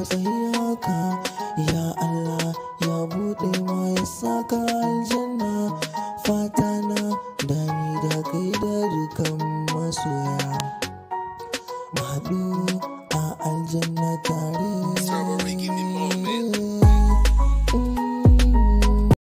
matsayi haka ya Allah ya buɗe ma ya saka aljanna fata na dani da kai da dukan masoya mu haɗu a aljanna tare